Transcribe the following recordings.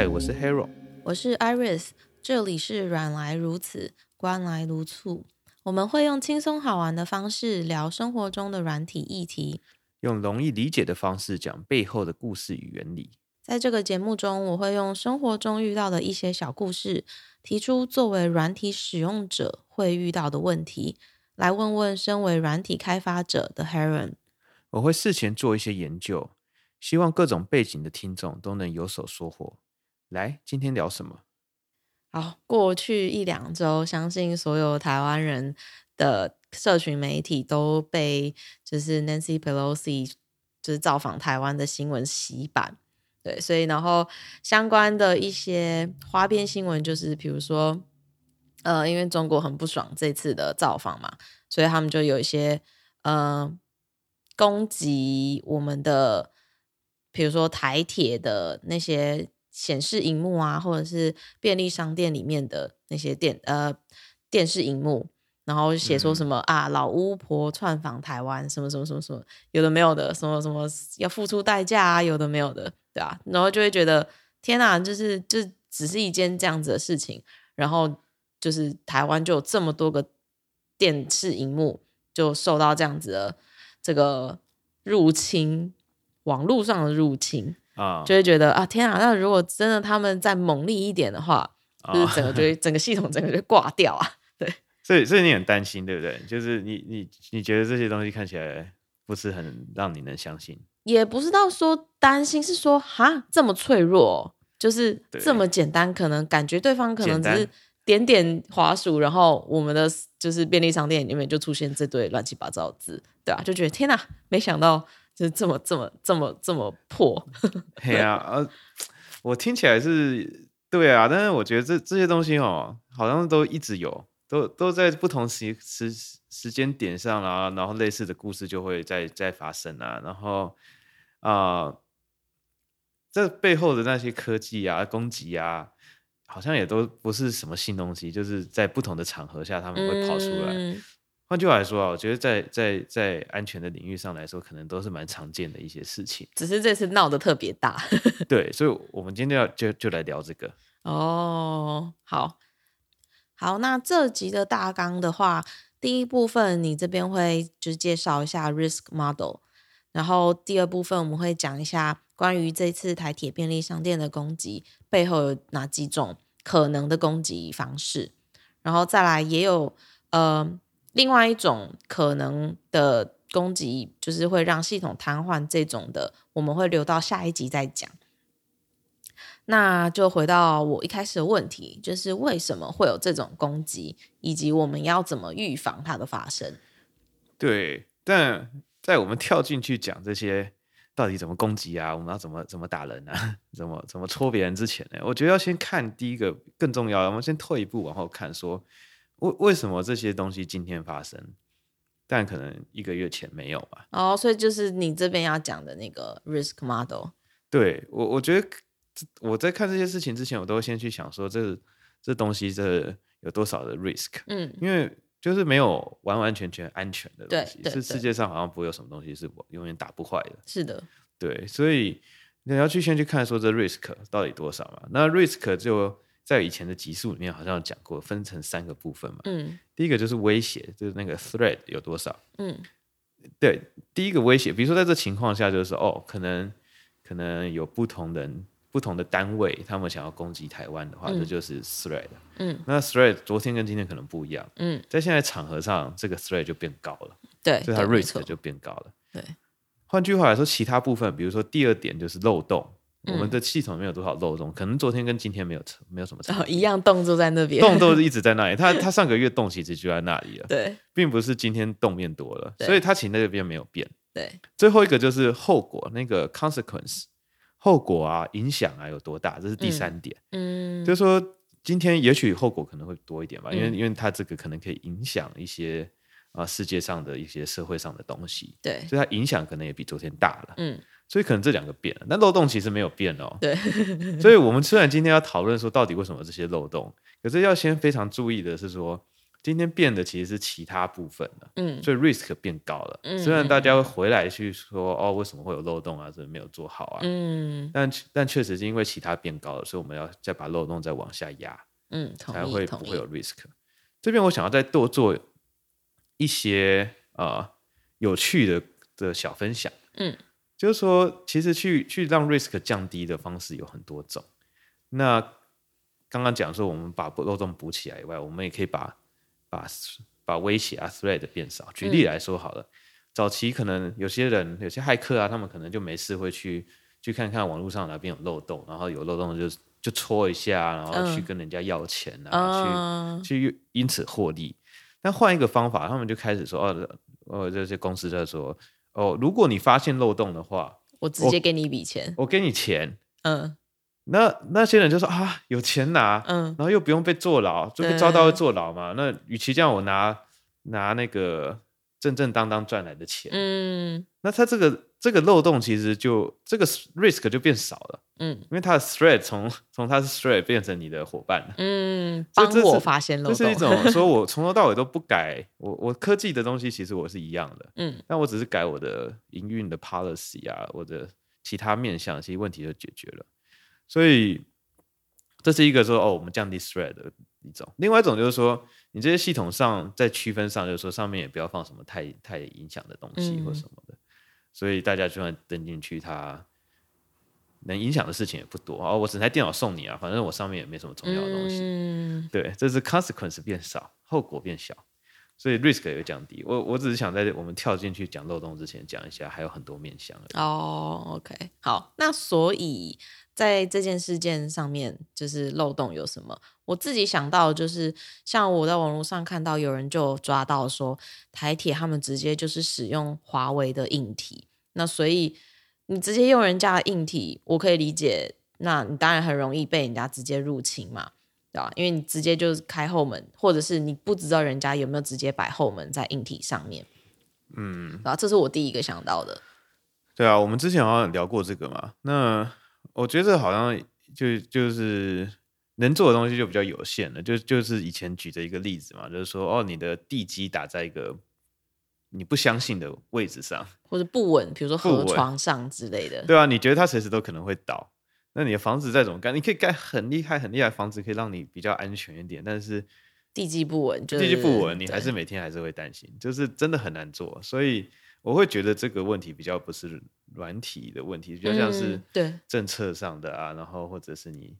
Hi, 我是 Haron。我是 Iris，這裡是軟來如此，關來如醋。我們會用輕鬆好玩的方式聊生活中的軟體議題，用容易理解的方式講背後的故事與原理。在這個節目中，我會用生活中遇到的一些小故事，提出作為軟體使用者會遇到的問題，來問問身為軟體開發者的 Haron。我會事前做一些研究，希望各種背景的聽眾都能有所收穫。來，今天聊什麼？好，過去一兩周，相信所有台灣人的社群媒體都被就是 Nancy Pelosi 就是造訪台灣的新聞洗版，對，所以然後相關的一些花邊新聞，就是比如說，呃，因為中國很不爽這次的造訪嘛，所以他們就有一些呃攻擊我們的，比如說台鐵的那些。顯示螢幕啊，或者是便利商店裡面的那些電呃電視螢幕，然後寫說什麼、嗯、哼啊，老巫婆串訪台灣什麼什麼什麼什麼，有的沒有的，什麼什麼要付出代價啊，有的沒有的，對啊，然後就會覺得天哪、啊，就是這只是一件這樣子的事情，然後就是台灣就有這麼多個電視螢幕就受到這樣子的這個入侵，網絡上的入侵。啊，就會覺得啊，天啊！那如果真的他們再猛力一點的話，就是整個就、哦、整個系統整個就掛掉啊。對，所以所以你很擔心，對不對？就是你你你覺得這些東西看起來不是很讓你能相信，也不知道說擔心是說哈這麼脆弱，就是這麼簡單，對可能感覺對方可能只是點點滑鼠，簡單然後我們的就是便利商店裡面就出現這堆亂七八糟的字，對啊，就覺得天哪、啊，沒想到。是這麼這麼這麼這麼破， 對啊、呃，我聽起來是，對啊，但是我覺得這這些東西哦，好像都一直有，都都在不同時時時間點上啊，然後類似的故事就會再再發生啊，然後啊，這、呃、背後的那些科技啊、攻擊啊，好像也都不是什麼新東西，就是在不同的場合下他們會跑出來。嗯換句話來說啊，我覺得在在在安全的領域上來說，可能都是蠻常見的一些事情。只是這次鬧得特別大。 對，所以，我們今天要就就來聊這個。哦，好，好，那這集的大綱的話，第一部分你這邊會就是介紹一下 risk model，然後第二部分我們會講一下關於這次台鐵便利商店的攻擊背後有哪幾種可能的攻擊方式，然後再來也有呃。另外一種可能的攻擊，就是會讓系統癱瘓這種的，我們會留到下一集再講。那就回到我一開始的問題，就是為什麼會有這種攻擊，以及我們要怎麼預防它的發生？對，但在我們跳進去講這些到底怎麼攻擊啊，我們要怎麼怎麼打人啊，怎麼怎麼戳別人之前呢，我覺得要先看第一個更重要的，我們先退一步往後看說。為為什麼這些東西今天發生，但可能一個月前沒有吧。哦，oh, 所以就是你這邊要講的那個 risk model。對我，我覺得我在看這些事情之前，我都會先去想說這，這這東西這有多少的 risk？嗯，因為就是沒有完完全全安全的東西，對對對，是世界上好像不會有什麼東西是永遠打不壞的。是的，對，所以你要去先去看說這 risk 到底多少嘛，啊？那 risk 就。在以前的集數裡面，好像有講過分成三個部分嘛。嗯，第一個就是威脅，就是那個 threat 有多少。嗯，對，第一個威脅，比如說在這情況下，就是說哦，可能可能有不同的不同的單位，他們想要攻擊台灣的話，那、嗯、就是 threat 嗯，那 threat 昨天跟今天可能不一樣。嗯，在現在場合上，這個 threat 就變高了。對，所以它的 risk 對就變高了。對，換句話來說，其他部分，比如說第二點就是漏洞。我們的系統沒有多少漏洞，嗯、可能昨天跟今天沒有沒有什麼差、哦。一樣洞都。在那邊，洞都一直在那裡。他他 上個月洞其實就在那裡了，對，並不是今天洞變多了，所以它其實那邊沒有變。對，最後一個就是後果那個 consequence 後果啊，影響啊有多大？這是第三點。嗯，嗯就是說今天也許後果可能會多一點吧，因為因為它這個可能可以影響一些啊世界上的一些社會上的東西。對，所以它影響可能也比昨天大了。嗯。所以可能這兩個變了，但漏洞其實沒有變哦、喔。對， 所以我們雖然今天要討論說到底為什麼這些漏洞，可是要先非常注意的是說，今天變的其實是其他部分的。嗯，所以 risk 變高了。嗯，雖然大家會回來去說、嗯、哦，為什麼會有漏洞啊？這沒有做好啊。嗯，但但確實是因為其他變高了，所以我們要再把漏洞再往下壓。嗯，才會不會有 risk。意這邊我想要再多做一些啊、呃、有趣的的小分享。嗯。就是說，其實去去讓 risk 降低的方式有很多種。那剛剛講說，我們把漏洞補起來以外，我們也可以把把把威脅啊 threat 變少。舉例來說好了，嗯、早期可能有些人有些駭客啊，他們可能就沒事會去去看看網絡上哪邊有漏洞，然後有漏洞就就戳一下，然後去跟人家要錢啊，嗯、去去因此獲利。但換一個方法，他們就開始說哦，哦這些公司在說。哦，如果你發現漏洞的話，我直接給你一筆錢，我，我給你錢，嗯，那那些人就說啊，有錢拿，嗯，然後又不用被坐牢，就會遭到坐牢嘛。對那與其這樣，我拿拿那個正正當當賺來的錢，嗯，那他這個。這個漏洞其實就這個 risk 就變少了，嗯，因為它的 threat 從從它的 threat 變成你的夥伴了，嗯，幫我發現漏洞這，這是一種說我從頭到尾都不改， 我我科技的東西其實我是一樣的，嗯，但我只是改我的營運的 policy 啊，我的其他面向，其實問題就解決了，所以這是一個說哦，我們降低 threat 的一種，另外一種就是說，你這些系統上在區分上，就是說上面也不要放什麼太太影響的東西或什麼的。嗯所以大家就算登進去，它能影響的事情也不多啊，哦。我整台電腦送你啊，反正我上面也沒什麼重要的東西。嗯，對，這是 consequence 變少，後果變小，所以 risk 有降低。我我只是想在我們跳進去講漏洞之前，講一下還有很多面向。哦，Oh, OK，好，那所以在這件事件上面，就是漏洞有什麼？我自己想到就是，像我在網絡上看到有人就抓到說，台鐵他們直接就是使用華為的硬體，那所以你直接用人家的硬體，我可以理解，那你當然很容易被人家直接入侵嘛，對吧？因為你直接就是開後門，或者是你不知道人家有沒有直接擺後門在硬體上面。嗯，然後這是我第一個想到的。對啊，我們之前好像聊過這個嘛。那我覺得好像就就是。能做的東西就比較有限了，就就是以前舉的一個例子嘛，就是說哦，你的地基打在一個你不相信的位置上，或者不穩，比如說河床上之類的，對啊，你覺得它隨時都可能會倒，那你的房子再怎麼幹，你可以蓋很厲害、很厲害的房子，可以讓你比較安全一點，但是地基不穩，就是、地基不穩，你還是每天還是會擔心，對就是真的很難做。所以我會覺得這個問題比較不是軟體的問題，比較像是對政策上的啊，嗯、然後或者是你。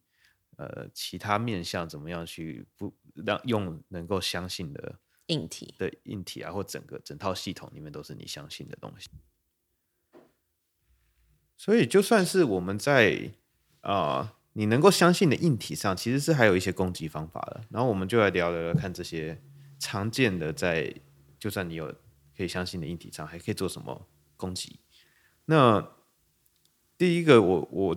呃，其他面向怎麼樣去不讓用，能夠相信的硬體的硬體啊，或整個整套系統裡面都是你相信的東西。所以，就算是我們在啊、呃，你能夠相信的硬體上，其實是還有一些攻擊方法的。然後我們就來聊聊看這些常見的在，在就算你有可以相信的硬體上，還可以做什麼攻擊。那第一個，我我。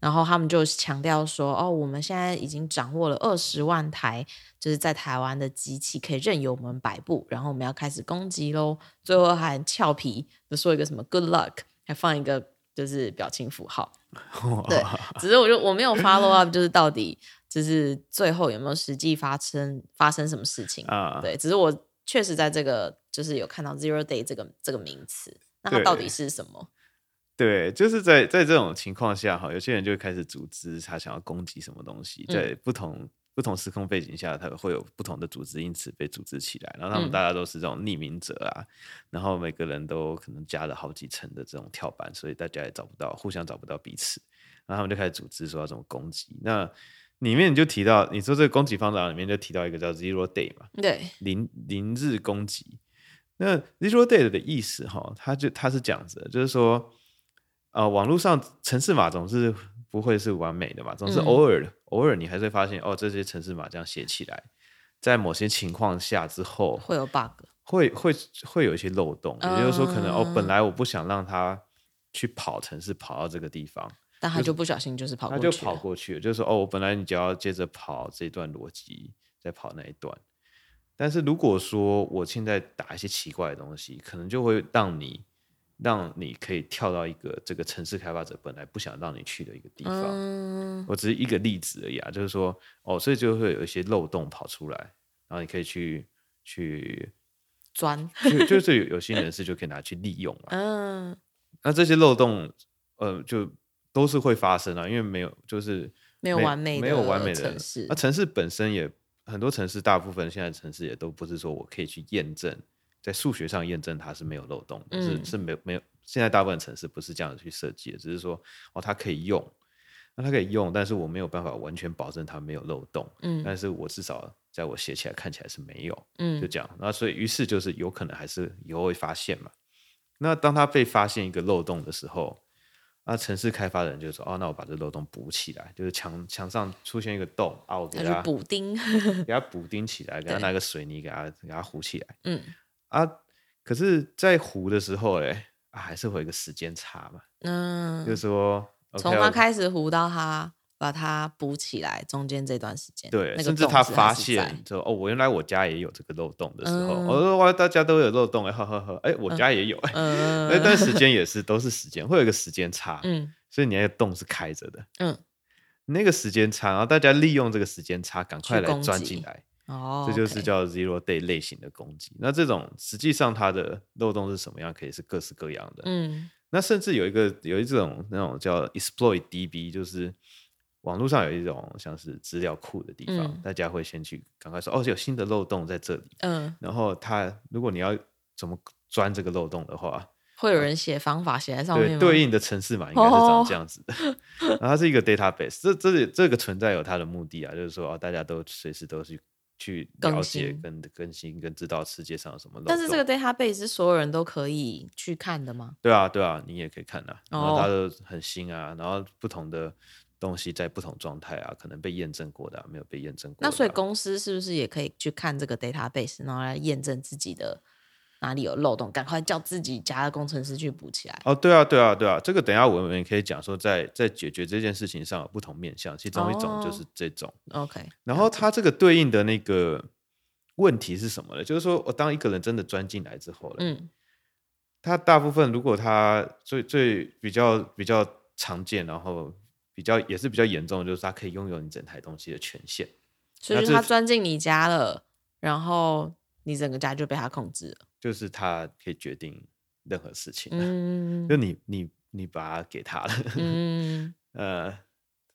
然後他們就強調說：“哦，我們現在已經掌握了二十萬台，就是在台灣的機器可以任由我們擺布，然後我們要開始攻擊咯。”最後還俏皮就說一個什麼 “good luck”，還放一個就是表情符號。哇對，只是我就我沒有 follow up，就是到底就是最後有沒有實際發生發生什麼事情？啊，對，只是我確實在這個就是有看到 zero day 這個這個名詞，那它到底是什麼？對，就是在在這種情況下哈，有些人就會開始組織，他想要攻擊什麼東西。嗯、在不同不同時空背景下，他會有不同的組織，因此被組織起來。然後他們大家都是這種匿名者啊，嗯、然後每個人都可能加了好幾層的這種跳板，所以大家也找不到，互相找不到彼此。然後他們就開始組織，說要怎麼攻擊。那裡面你就提到，你說這個攻擊方法裡面就提到一個叫 Zero Day 嘛，對，零零日攻擊。那 Zero Day 的意思哈，他就他是這樣子的，就是說。啊、呃，網絡上程式碼總是不會是完美的嘛，總是偶爾、嗯、偶爾你還是會發現哦，這些程式碼這樣寫起來，在某些情況下之後會有 bug，會會會有一些漏洞，嗯、也就是說可能哦，本來我不想讓他去跑程式跑到這個地方，但他就不小心就是跑過去、就是，他就跑過去了，就是說哦，我本來你只要接着跑這一段邏輯，再跑那一段，但是如果說我現在打一些奇怪的東西，可能就會讓你。讓你可以跳到一個這個程式開發者本來不想讓你去的一個地方，嗯、我只是一個例子而已啊，就是說哦，所以就會有一些漏洞跑出來，然後你可以去去鑽轉， 就是有有心人士就可以拿去利用了，啊。嗯，那這些漏洞，呃，就都是會發生啊，因為沒有就是沒有完美，沒有完美的程式，那程式本身也很多程式，大部分現在的程式也都不是說我可以去驗證。在數學上驗證它是沒有漏洞的，嗯、只是是沒沒有。現在大部分程式不是這樣子去設計的，只是說哦，它可以用，那它可以用，但是我沒有辦法完全保證它沒有漏洞。嗯，但是我至少在我寫起來看起來是沒有。嗯，就這樣。那所以於是就是有可能還是以後會發現嘛。那當他被發現一個漏洞的時候，那程式開發人就說：“哦，那我把這漏洞補起來。”就是牆牆上出現一個洞啊，我給它補丁， 給它補丁起來，給它拿個水泥給它對給它糊起來。嗯。啊，可是，在糊的時候，哎，還是會有個時間差嘛。嗯，就是說，從他開始糊到他把它補起來，中間這段時間，對，甚至他發現，就哦，我原來我家也有這個漏洞的時候，我說哇，大家都有漏洞，哎呵呵呵，哎，我家也有，那段時間也是都是時間，會有一個時間差。嗯，所以你那個洞是開着的。嗯，那個時間差，然後大家利用這個時間差，趕快來鑽進來。哦，oh, okay. 這就是叫 zero day 類型的攻擊。那這種實際上它的漏洞是什麼樣？可以是各式各樣的。嗯，那甚至有一個有一種那種叫 exploit DB，就是網絡上有一種像是資料庫的地方，嗯、大家會先去趕快說哦，有新的漏洞在這裡。嗯，然後他如果你要怎麼鑽這個漏洞的話，會有人寫方法寫在上面。對，對應的程式嘛，應該是長這樣子的。哦哦 然後它是一個 database，這這裡這個存在有它的目的啊，就是說哦，大家都隨時都去，去了解、跟更新、跟知道世界上有什麼。但是這個 database 是所有人都可以去看的嗎？對啊，對啊，你也可以看啊。然後它都很新啊，然後不同的東西在不同狀態啊，可能被驗證過的啊，沒有被驗證過啊。那所以公司是不是也可以去看這個 database，然後來驗證自己的？哪裡有漏洞，趕快叫自己家的工程師去補起來。哦，對啊，對啊，對啊，這個等一下我們可以講說在，在在解決這件事情上有不同面向。其中一種就是這種，OK。哦、然後它這個對應的那個問題是什麼呢？白就是說我當一個人真的鑽進來之後嗯，他大部分如果他最最比較比較常見，然後比較也是比較嚴重的就是他可以擁有你整台東西的權限。所以他鑽進你家了，就然後。你整個家就被他控制了，就是他可以決定任何事情，嗯、就你你你把他給他了， 嗯呃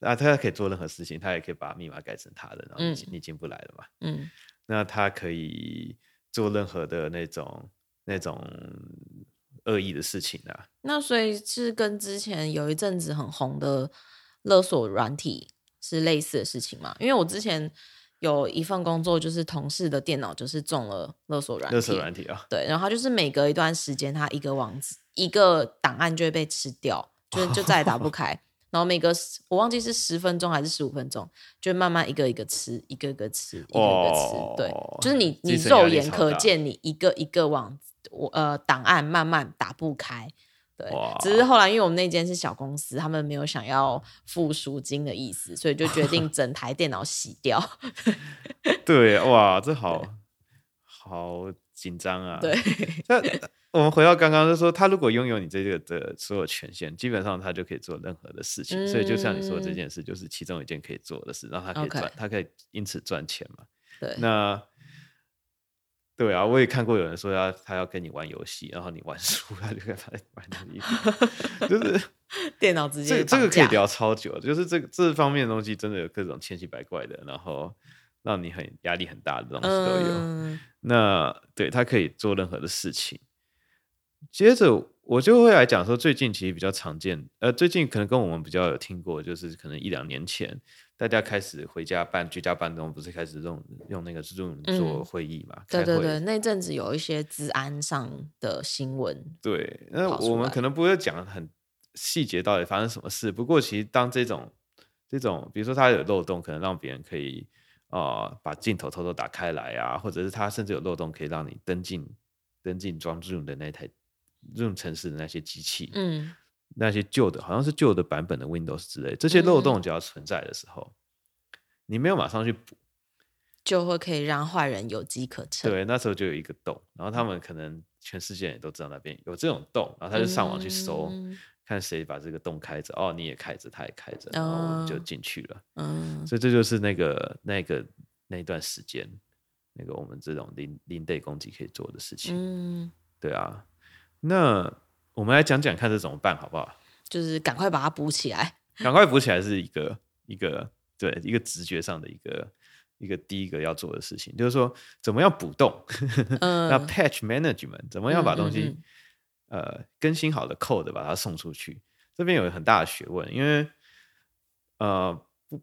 啊，他可以做任何事情，他也可以把密碼改成他的，然後你、嗯、你進不來了嘛，嗯，那他可以做任何的那種那種惡意的事情啊，那所以是跟之前有一陣子很紅的勒索軟體是類似的事情嘛，因為我之前、嗯。有一份工作，就是同事的電腦就是中了勒索軟勒索軟體啊。對，然後它就是每隔一段時間，它一個網一個檔案就會被吃掉，就就再也打不開。 然後每隔我忘記是十分鐘還是十五分鐘，就慢慢一個一個吃，一個一個吃，哦、一個一個吃。對，就是你你肉眼可見，你一個一個網呃檔案慢慢打不開。對，只是後來因為我們那間是小公司，哇他們沒有想要付贖金的意思，所以就決定整台電腦洗掉。 對，哇，這好對好緊張啊！對，那我們回到剛剛，就說他如果擁有你這個的所有權限，基本上他就可以做任何的事情。嗯、所以就像你說的這件事，就是其中一件可以做的事，讓他可以賺，Okay. 他可以因此賺錢嘛。對，那。對啊，我也看過有人說他他要跟你玩遊戲，然後你玩輸，他就跟他玩你， 就是電腦直接。這這個可以聊超久，就是這這方面的東西真的有各種千奇百怪的，然後讓你很壓力很大的東西都有。嗯、那對，他可以做任何的事情。接着我就會來講說，最近其實比較常見，呃，最近可能跟我們比較有聽過，就是可能一兩年前，大家開始回家辦居家辦公，不是開始用用那個 Zoom 做會議嘛？嗯、會對對對，那陣子有一些資安上的新聞。對，那我們可能不會講很細節到底發生什麼事，不過其實當這種這種，比如說它有漏洞，可能讓別人可以啊、呃、把鏡頭偷偷打開來啊，或者是它甚至有漏洞，可以讓你登進登進裝 Zoom 的那台。這種城市的那些機器，嗯，那些舊的，好像是舊的版本的 Windows 之類，這些漏洞，只要存在的時候，嗯、你沒有馬上去補，就會可以讓壞人有機可乘。對，那時候就有一個洞，然後他們可能全世界都知道那邊有這種洞，然後他就上網去搜，嗯、看誰把這個洞開着，哦，你也開着，他也開着，然後我們就進去了。嗯、所以這就是那個那個那一段時間，那個我們這種零零 day 攻擊可以做的事情。嗯，對啊。那我們來講講看這怎麼辦好不好？就是趕快把它補起來。趕快補起來是一個一個對，一個直覺上的一個一個第一個要做的事情，就是說怎麼樣補洞。呃、 那 patch management 怎麼樣把東西嗯嗯嗯、呃、更新好的 code 把它送出去，這邊有很大的學問，因為呃不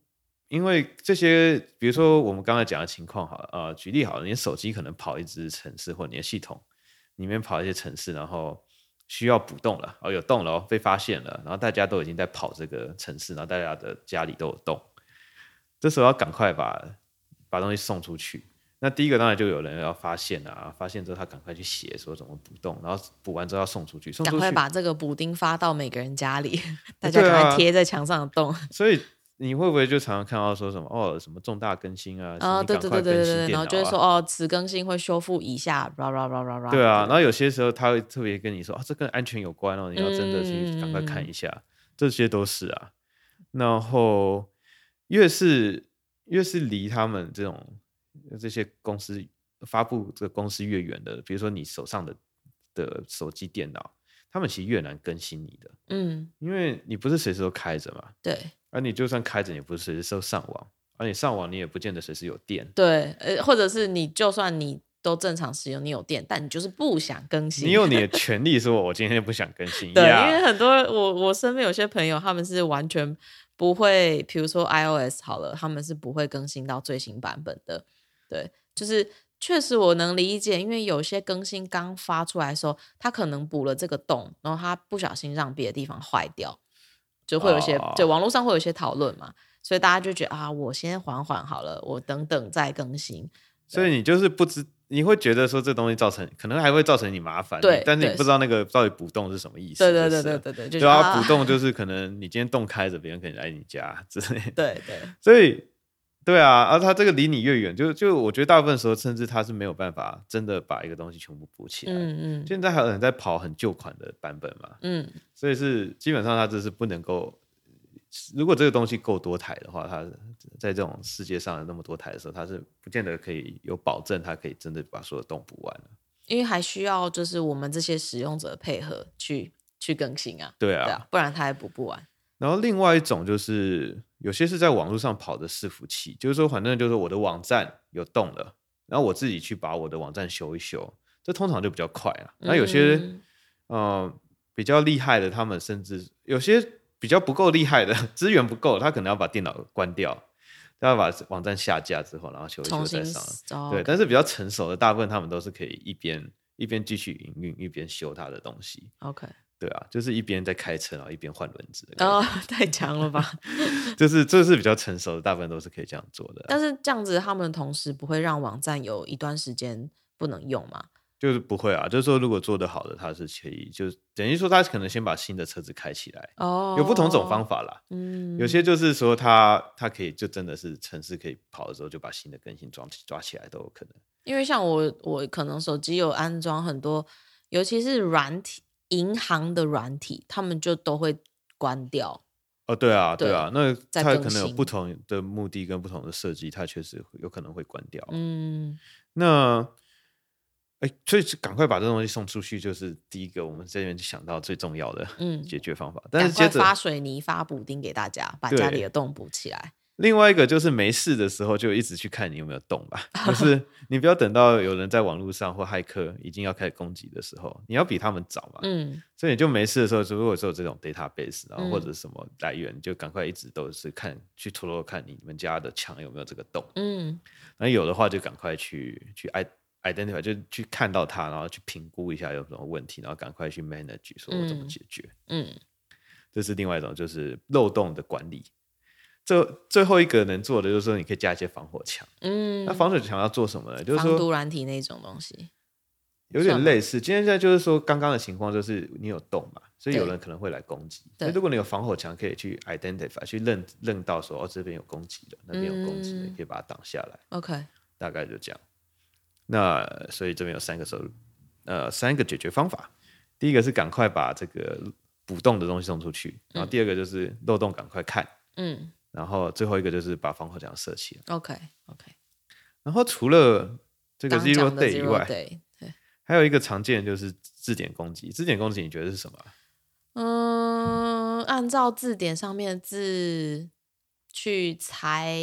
因為這些，比如說我們剛才講的情況好了呃，舉例好了，你手機可能跑一支程式或者你的系統。裡面跑一些城市，然後需要補洞了，哦，有洞了，被發現了，然後大家都已經在跑這個城市，然後大家的家裡都有洞，這時候要趕快把把東西送出去。那第一個當然就有人要發現啊，發現之後他趕快去寫說怎麼補洞，然後補完之後要送出去，趕快把這個補丁發到每個人家裡，大家趕快貼在牆上的洞，啊。所以。你會不會就常常看到說什麼哦，什麼重大更新啊？啊、哦、對對對對對，啊、然後就會說哦，此更新會修復以下啦、啦、啦、啦、啦，對啊，然後有些時候他會特別跟你說啊、哦、這跟安全有關哦，你要真的去趕快看一下，嗯嗯嗯嗯。這些都是啊。然後越是越是離他們這種這些公司發佈這個公司越遠的，比如說你手上的的手機電腦，他們其實越難更新你的。嗯，因為你不是隨時都開着嘛。對。而、啊、你就算開着，你不是隨時都上網。而、啊、你上網，你也不見得隨時有電。對，呃，或者是你就算你都正常使用，你有電，但你就是不想更新。你有你的權利，說我今天不想更新。 對，因為很多我我身邊有些朋友，他們是完全不會，比如說 iOS 好了，他們是不會更新到最新版本的。對，就是確實我能理解，因為有些更新剛發出來的時候，它可能補了這個洞，然後它不小心讓別的地方壞掉。就會有些，哦、就網絡上會有一些討論嘛，所以大家就覺得啊，我先緩緩好了，我等等再更新。所以你就是不知，你會覺得說這東西造成，可能還會造成你麻煩、欸。對，但是你不知道那個到底補洞是什麼意思。對對對對對對。對啊，補洞就是可能你今天洞開着，別人可能來你家之類對。對對。所以。對啊，而、啊、他這個離你越遠，就就我覺得大部分時候，甚至他是沒有辦法真的把一個東西全部補起來。嗯嗯，嗯現在還有人在跑很舊款的版本嘛？嗯，所以是基本上它這是不能夠。如果這個東西夠多台的話，它在這種世界上的那麼多台的時候，它是不見得可以有保證，它可以真的把所有東洞補完。因為還需要就是我們這些使用者的配合去去更新啊。對啊，對啊，不然它還補不完。然後另外一種就是有些是在網路上跑的伺服器，就是說反正就是我的網站有動了，然後我自己去把我的網站修一修，這通常就比較快了、啊。然後有些，嗯、呃，比較厲害的，他們甚至有些比較不夠厲害的，資源不夠，他可能要把電腦關掉，他要把網站下架之後，然後修一修再上。重新對，哦 okay. 但是比較成熟的，大部分他們都是可以一邊一邊繼續營運，一邊修他的東西。OK。對啊，就是一邊在開車啊，然後一邊換輪子。啊，oh, 太強了吧！ 就是這、就是比較成熟的，大部分都是可以這樣做的、啊。但是這樣子，他們同時不會讓網站有一段時間不能用嗎？就是不會啊，就是說如果做得好的，他是可以，就等於說他可能先把新的車子開起來。哦，oh, 有不同種方法啦。嗯，有些就是說他他可以就真的是程式可以跑的時候，就把新的更新裝起抓起來都有可能。因為像我我可能手機有安裝很多，尤其是軟體。銀行的軟體，他們就都會關掉。哦，對啊，對啊，對，那他可能有不同的目的跟不同的設計，他確實有可能會關掉。嗯，那哎、欸，所以趕快把這東西送出去，就是第一個我們在這邊想到最重要的嗯解決方法。嗯、但是接着發水泥、發補丁給大家，把家裡的洞補起來。另外一個就是沒事的時候就一直去看你有沒有洞吧， 就是你不要等到有人在網絡上或駭客已經要開始攻擊的時候，你要比他們早嘛。嗯，所以你就沒事的時候，如果說有這種 database，然後或者什麼來源，嗯，就趕快一直都是看去偷偷看你們家的牆有沒有這個洞。嗯，那有的話就趕快去去 identify，就去看到它，然後去評估一下有什麼問題，然後趕快去 manage，說我怎麼解決。嗯，嗯，這是另外一種就是漏洞的管理。最最後一個能做的就是說，你可以加一些防火牆。嗯，那防火牆要做什麼呢？就是說防毒軟體那種東西，有點類似。今天在就是說，剛剛的情況就是你有洞嘛，所以有人可能會來攻擊。所以如果你有防火牆，可以去 identify 去認認到說哦這邊有攻擊的，那邊有攻擊的，嗯、你可以把它擋下來。OK，大概就這樣。那所以這邊有三個手，呃，三個解決方法。第一個是趕快把這個補洞的東西送出去，然後第二個就是漏洞趕快看。嗯。然後最後一個就是把防火牆設起。OK OK。然後除了這個 Zero Day 以外，對對，還有一個常見的就是字典攻擊。字典攻擊你覺得是什麼？嗯、呃，按照字典上面的字去猜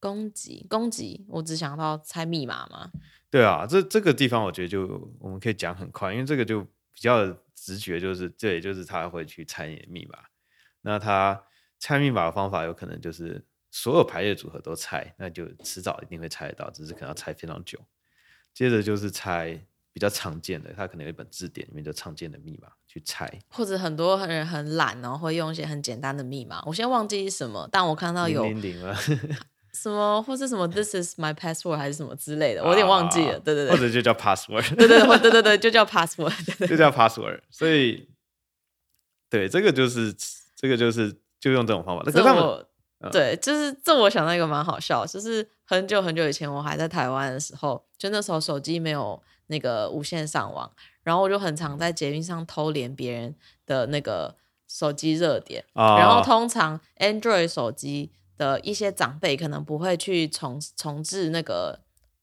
攻擊攻擊，我只想到猜密碼嘛。對啊，這這個地方我覺得就我們可以講很快，因為這個就比較直覺，就是這也就是他會去猜你的密碼，那他。猜密碼的方法有可能就是所有排列組合都猜，那就遲早一定會猜得到，只是可能要猜非常久。接着就是猜比較常見的，它可能有一本字典裡面就常見的密碼去猜，或者很多人很懶，然後、哦、會用一些很簡單的密碼。我現在忘記什麼，但我看到有什麼，000 了 或是什麼，是什麼 “this is my password” 還是什麼之類的，我有點忘記了。啊、對對對，或者就叫 password，對對 對對對對，就叫 password，就叫 password。所以，對，這個就是這個就是。這個就是就用這種方法，那他們對，嗯、就是這我想到一個蠻好笑，就是很久很久以前我還在台灣的時候，就那時候手機沒有那個無線上網，然後我就很常在捷運上偷連別人的那個手機熱點，哦、然後通常 Android 手機的一些長輩可能不會去重重置那個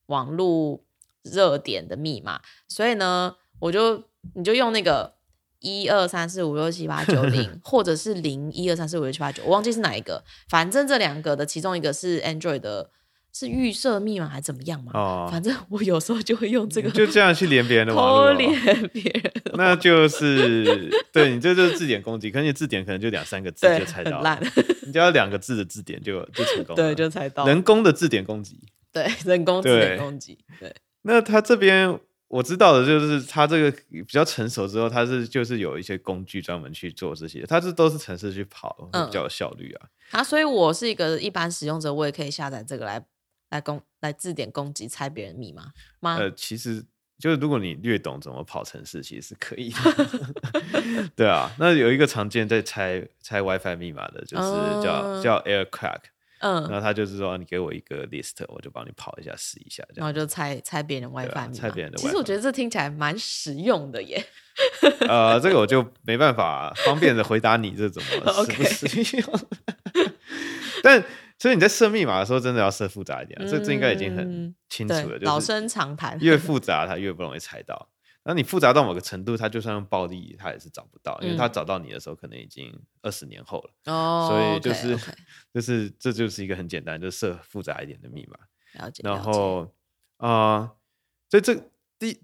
網絡熱點的密碼，所以呢，我就你就用那個。一二三四五六七八九零，或者是零一二三四五六七八九，我忘記是哪一個，反正這兩個的其中一個是 Android 的，是預設密碼還是怎麼樣嘛？哦，反正我有時候就會用這個，就這樣去連別人的網路，偷連別人，那就是對你，這就是字典攻擊，可你字典可能就兩三個字就猜到了，你只要兩個字的字典就就成功，對，就猜到人工的字典攻擊，對，人工字典攻擊，對，那他這邊。我知道的就是，它這個比較成熟之後，它是就是有一些工具專門去做這些，它是都是程式去跑，嗯、比較有效率啊。啊，所以我是一個一般使用者，我也可以下載這個來來攻來字典攻擊猜別人密碼嗎？呃，其實就是如果你略懂怎麼跑程式，其實是可以的。 對啊，那有一個常見在猜猜 WiFi 密碼的，就是叫、嗯、叫 Aircrack。嗯，然後他就是說，你給我一個 list，我就幫你跑一下試一下，然後就猜猜別人 wifi，對啊、猜別人的 wifi。其實我覺得這聽起來蠻實用的耶。 呃，這個我就沒辦法方便的回答你這種實不實用。 但所以你在設密碼的時候，真的要設複雜一點，嗯、這這應該已經很清楚了，對就是老生常談，越複雜它越不容易猜到。那、啊、你複雜到某個程度，他就算用暴力，他也是找不到，因為他找到你的時候，可能已經二十年後了。哦、嗯，所以就是、哦、okay, okay 就是這就是一個很簡單，就設複雜一點的密碼。嗯、了解然後啊解、呃，所以這第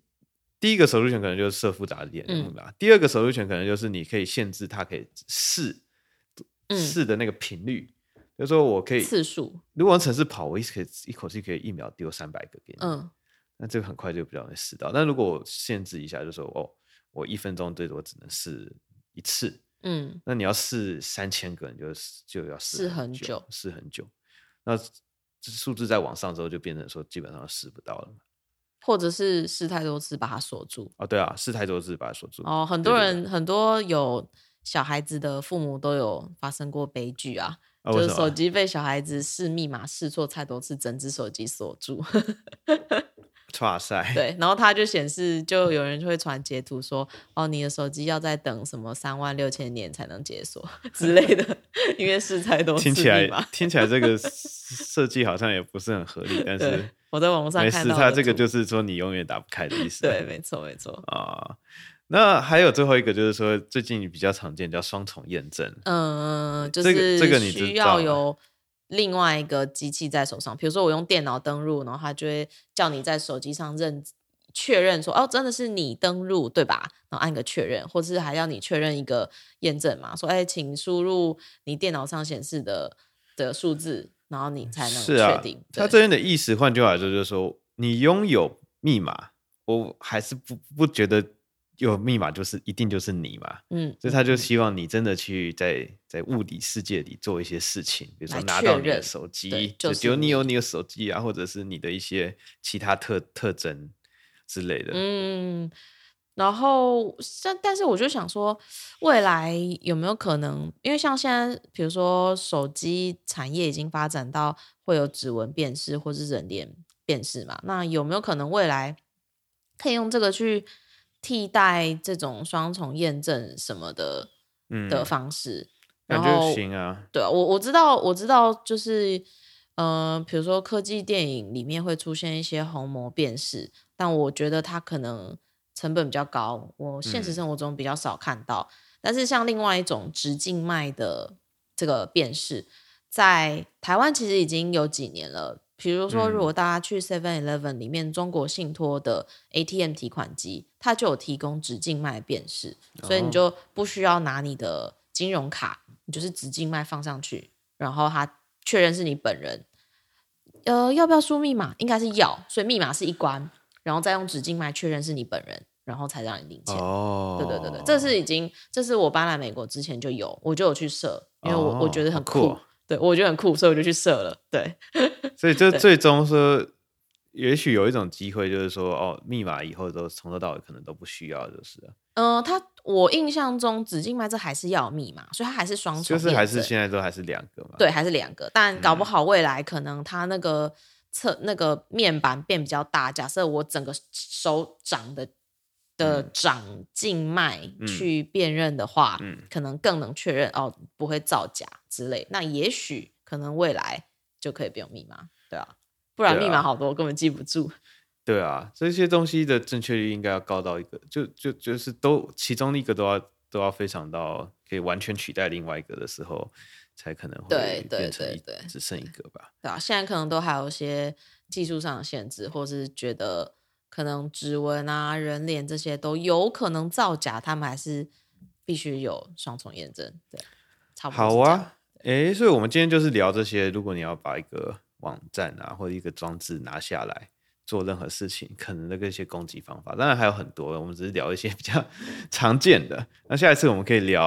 第一個 solution 可能就是設複雜一點的密碼，嗯、第二個 solution 可能就是你可以限制他可以試試、嗯、的那個頻率，就是、說我可以數如果程式跑，我一可以一口氣可以一秒丟三百個給你。嗯那這個很快就比較容易試到。那如果我限制一下就，就說哦，我一分鐘最多只能試一次。嗯，那你要試三千個，你就就要試很久，試很久，試很久。那數字在往上之後，就變成說基本上試不到了。或者是試太多次把它鎖住啊？哦，對啊，試太多次把它鎖住。哦，很多人對對很多有小孩子的父母都有發生過悲劇啊，哦，就是手機被小孩子試密碼試錯太多次，整隻手機鎖住。 對，然後他就顯示，就有人就會傳截圖說，哦，你的手機要再等什麼三萬六千年才能解鎖之類的， 因為是太多，聽起來聽起來這個設計好像也不是很合理， 但是我在網上沒事，它這個就是說你永遠打不開的意思，對，沒錯沒錯啊、哦。那還有最後一個就是說，對最近比較常見叫雙重驗證，嗯，這個這個你需要有。另外一個機器在手上，比如說我用電腦登錄，然後他就會叫你在手機上認確認說，哦，真的是你登錄對吧？然後按個確認，或是還要你確認一個驗證碼，說，哎、欸，請輸入你電腦上顯示的的數字，然後你才能確定。啊、對他這邊的意思，換句話來說，就是說你擁有密碼，我還是不不覺得。有密碼就是一定就是你嘛，嗯，所以他就希望你真的去在在物理世界裡做一些事情，比如說拿到你的手機，就只有你有你的手機啊，就是、或者是你的一些其他特特徵之類的，嗯。然後，但但是我就想說，未來有沒有可能？因為像現在，比如說手機產業已經發展到會有指紋辨識或是人臉辨識嘛，那有沒有可能未來可以用這個去？替代這種雙重驗證什麼的、嗯、的方式，然後，對啊，對我我知道，我知道，就是嗯，比、呃、如說科技電影裡面會出現一些虹膜辨識，但我覺得它可能成本比較高，我現實生活中比較少看到。嗯、但是像另外一種指靜脈的這個辨識，在台灣其實已經有幾年了。比如說，如果大家去 Seven Eleven 裡面、嗯、中國信托的 ATM 提款機，它就有提供指靜脈辨識，所以你就不需要拿你的金融卡，你就是指靜脈放上去，然後它確認是你本人。呃，要不要輸密碼？應該是要，所以密碼是一關，然後再用指靜脈確認是你本人，然後才讓你領錢。哦，對對對對，這是已經，這是我搬來美國之前就有，我就有去設，因為我我覺得很酷，哦、對我覺得很酷，所以我就去設了。對。所以就最終說，也許有一種機會，就是說，對哦，密碼以後都從頭到尾可能都不需要，就是。嗯、呃，他我印象中，指靜脈這還是要密碼，所以它還是雙重，就是還是現在都還是兩個嘛。對，還是兩個，但搞不好未來可能它那個側、嗯，那個面板變比較大。假設我整個手掌的的掌靜脈去辨認的話，嗯嗯、可能更能確認哦，不會造假之類。那也許可能未來。就可以不用密碼，對啊，不然密碼好多，啊、我根本記不住。對啊，這些東西的正確率應該要高到一個，就就就是都其中一個都要都要非常到可以完全取代另外一個的時候，才可能會變成對對對對，只剩一個吧。對啊，現在可能都還有一些技術上的限制，或是覺得可能指紋啊、人臉，這些都有可能造假，他們還是必須有雙重驗證。對，差不多。好啊。哎，所以我們今天就是聊這些。如果你要把一個網站啊，或者一個裝置拿下來做任何事情，可能那個一些攻擊方法，當然還有很多。我們只是聊一些比較常見的。那下一次我們可以聊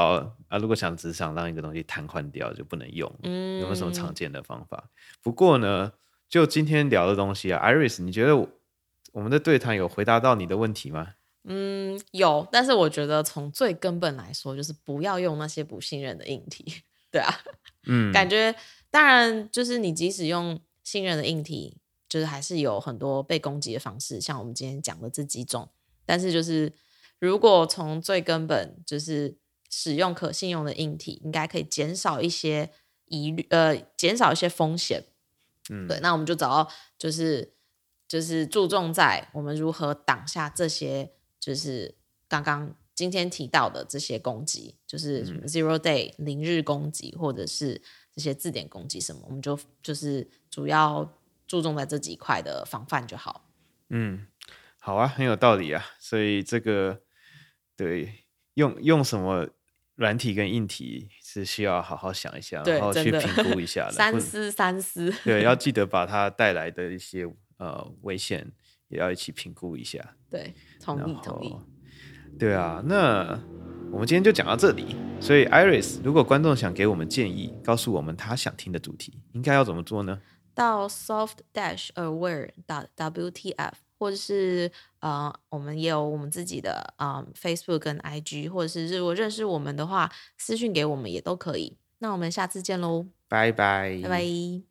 啊，如果想只想讓一個東西癱瘓掉，就不能用，有沒有什麼常見的方法？嗯，不過呢，就今天聊的東西啊，Iris，你覺得我們的對談有回答到你的問題嗎？嗯，有。但是我覺得從最根本來說，就是不要用那些不信任的硬體。對啊，嗯，感覺當然，就是你即使用信任的硬體，就是還是有很多被攻擊的方式，像我們今天講的這幾種。但是，就是如果從最根本，就是使用可信用的硬體，應該可以減少一些疑慮，呃，減少一些風險。嗯，對，那我們就找到就是就是注重在我們如何擋下這些，就是剛剛。今天提到的這些攻擊，就是 zero day、嗯、零日攻擊，或者是這些字典攻擊什麼，我們就就是主要注重在這幾塊的防範就好。嗯，好啊，很有道理啊。所以這個對用用什麼軟體跟硬體是需要好好想一下，對然後去評估一下的。真的 三思三思。對，要記得把它帶來的一些呃危險也要一起評估一下。對，同意後同意。對啊，那我們今天就講到這裡。所以，Iris，如果觀眾想給我們建議，告訴我們他想聽的主題，應該要怎麼做呢？到 soft dash aware dot w t f，或者是呃，我們也有我們自己的啊、呃，Facebook 跟 IG，或者是如果認識我們的話，私信給我們也都可以。那我們下次見嘍，拜拜，拜拜。